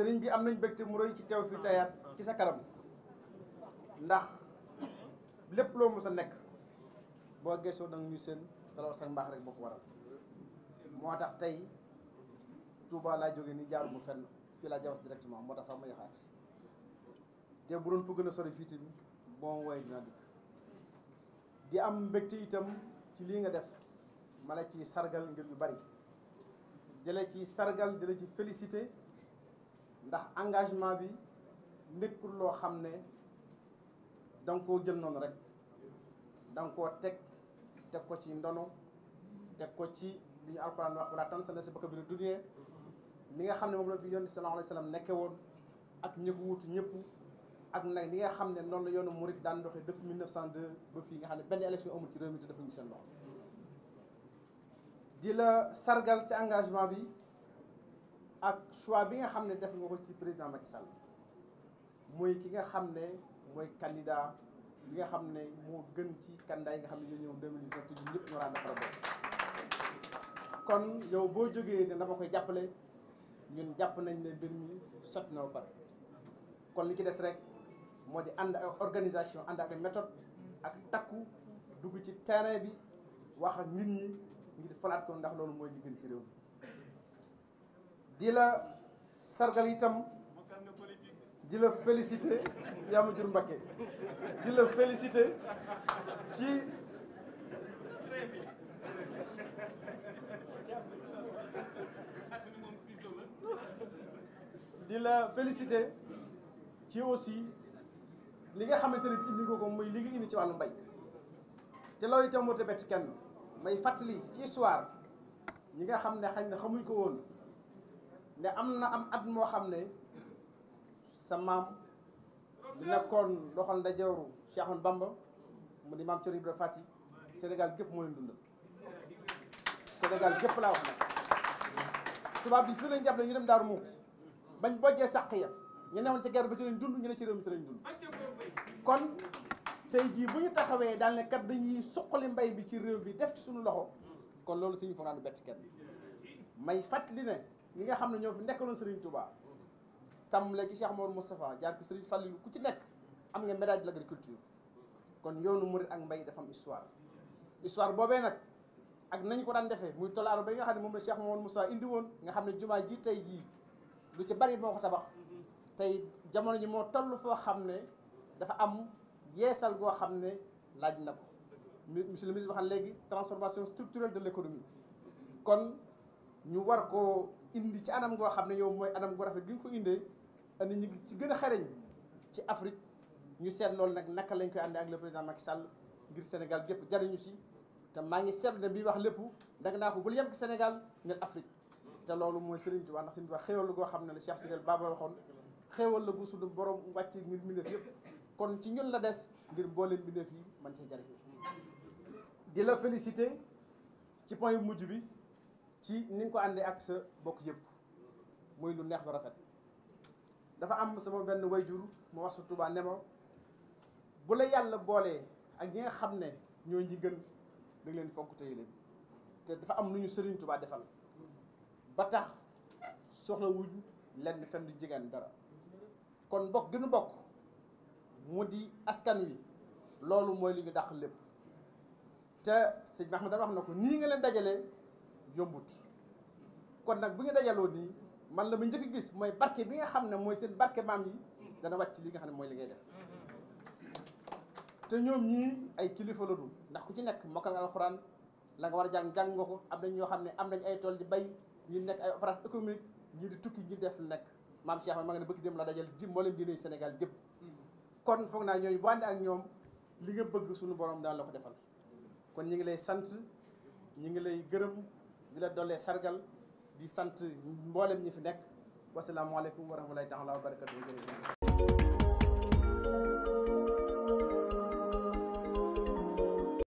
sëriñ bi am nañ bégte mu roy ci teew fi tayaat ci sa kanam ndax lépp loo mës a nekk boo geesoo nag ñu seen taloo sax mbaax rek boo ko waral moo tax tey Touba laa jógee ni jaaru bu fenn fii laa jawas directement moo tax sax may si te bu doon fu gën a sori fii tamit bon waaye dinaa dikk di am mbégte itam ci lii nga def ma la ci sargal ngir yu bari di la ci sargal di ci félicité ndax engagement bi nekkul loo xam ne danga koo jël noonu rek danga koo teg teg ko ci ndono teg ko ci li ñu alxuraan wax wala tan sa na si bakka biir dunya li nga xam ne moom la fi yonent sallallahu alayhi wasallam nekke woon ak ñi ko wutu ñëpp ak nag li nga xam ne noonu la yoonu murid daan doxee depuis 1902 ba fii nga xam ne benn élection amul ci réew mi te dafa ngi seen loxo di la sargal ci engagement bi ak choix bi nga xam ne def nga ko ci président Macky Sall mooy ki nga xam ne mooy candidat yi nga xam ne moo gën ci candidat yi nga xam ne ñoo ñëw 2019 te ñun ñëpp ñu war a defar kon yow boo jógee ne ma koy jàppale ñun jàpp nañ ne mbir mi sotti na ba pare kon li ci des rek moo di ànd ak organisation ànd ak méthode ak takku dugg ci terrain bi wax ak nit ñi ngir falaat ko ndax loolu mooy li ci réew di la sargal itam di la félicité yaa ma jur Mbakke di la félicité ci di la félicité ci aussi li nga xamante ne indi ko ko muy li nga indi ci wàllu mbay te loolu itam moo te bett may fàttali ci histoire ñi nga xam ne xañ na xamuñ ko woon ne am na am at moo xam ne sa maam di nekkoon doxal ndajeeru Cheikhoun Bamba mu ni maam Thierno Ibra Fati Sénégal gépp moo leen dundal Sénégal gépp laa bi fii lañ jàpp ñu dem Daaru Muxti bañ bojjee sàq ya ñu ci guerre ba ci lañ ci réew mi ci kon tey jii bu ñu taxawee daal ne dañuy suqali mbay bi ci réew bi def ci suñu loxo kon loolu suñu foraan bett kenn may fàttali ne ñi nga xam ne ñoo fi nekkaloon Serigne Touba tàmbalee ci Cheikh Mawlou Moustapha jaar ci Serigne Fallilou ku ci nekk am nga médaille de l'agriculture kon yoonu murit ak mbay dafa am histoire histoire boobee nag ak nañ ko daan defee muy tolaaro ba nga xam ne moom la Cheikh Mawlou Moustapha indi woon nga xam ne jumaa ji tey jii lu ci bari moo ko tabax tey jamono ji moo toll foo xam ne dafa am yeesal goo xam ne laaj na ko monsieur le ministre waxaan léegi transformation structurelle de l'économie kon ñu war ko indi ci anam goo xam ne yow mooy anam gu rafet bi nga ko indee andi ñu ci gën a xarañ ci Afrique ñu seet loolu nag naka lañ koy àndee ak le président Sall ngir Sénégal gépp jariñu si te maa ngi seetlu ne bi wax lépp danga naa ko bul yem ci Sénégal ne Afrique te loolu mooy Serigne Touba ndax Serigne Touba xéewal la goo xam ne la Cheikh Sidel Baba waxoon xéewal la gu suñu borom wàcc ngir mbindeef yëpp kon ci ñun la des ngir mbooleem mbindeef yi man see jariñu di ci point mujj bi ci ni nga ko àndee ak sa bokk yépp muy lu neex lu rafet dafa am sama benn wayjur ma wax sa Tuubaa ne ma bu la yàlla boolee ak ñi nga xam ne ñoo ñi gën da leen fonk téye leen te dafa am lu ñu Sëriñ tubaa defal ba tax soxlawuñ lenn fenn du jigéen dara kon bokk gënu bokk mu di askan wi loolu mooy li ñu dàq lépp te sëñ Mahmoud wax na ko nii nga leen dajalee yombut kon nag bu ñu dajaloo nii man la mu njëkk gis mooy barke bi nga xam ne mooy seen barke maam yi dana wàcc li nga xam ne mooy li ngay def te ñoom ñii ay kilifa la ndax ku ci nekk mokkal nga la nga a jàng jàng ko am nañ ñoo xam ne am nañ ay tool di bay ñi nekk ay opération économique ñii di tukki ñi def nekk maam Cheikh ma ma nga ne bëgg dem la dajal di mboolem diine Sénégal gépp kon foog naa ñooñu bu àndee ak ñoom li nga bëgg suñu borom daal la ko defal kon ñu ngi lay sant ñu ngi lay gërëm di la dollee sargal di sant mboolem ñi fi nekk wasalaamualeykum wa rahmatulahi taala wa barakatu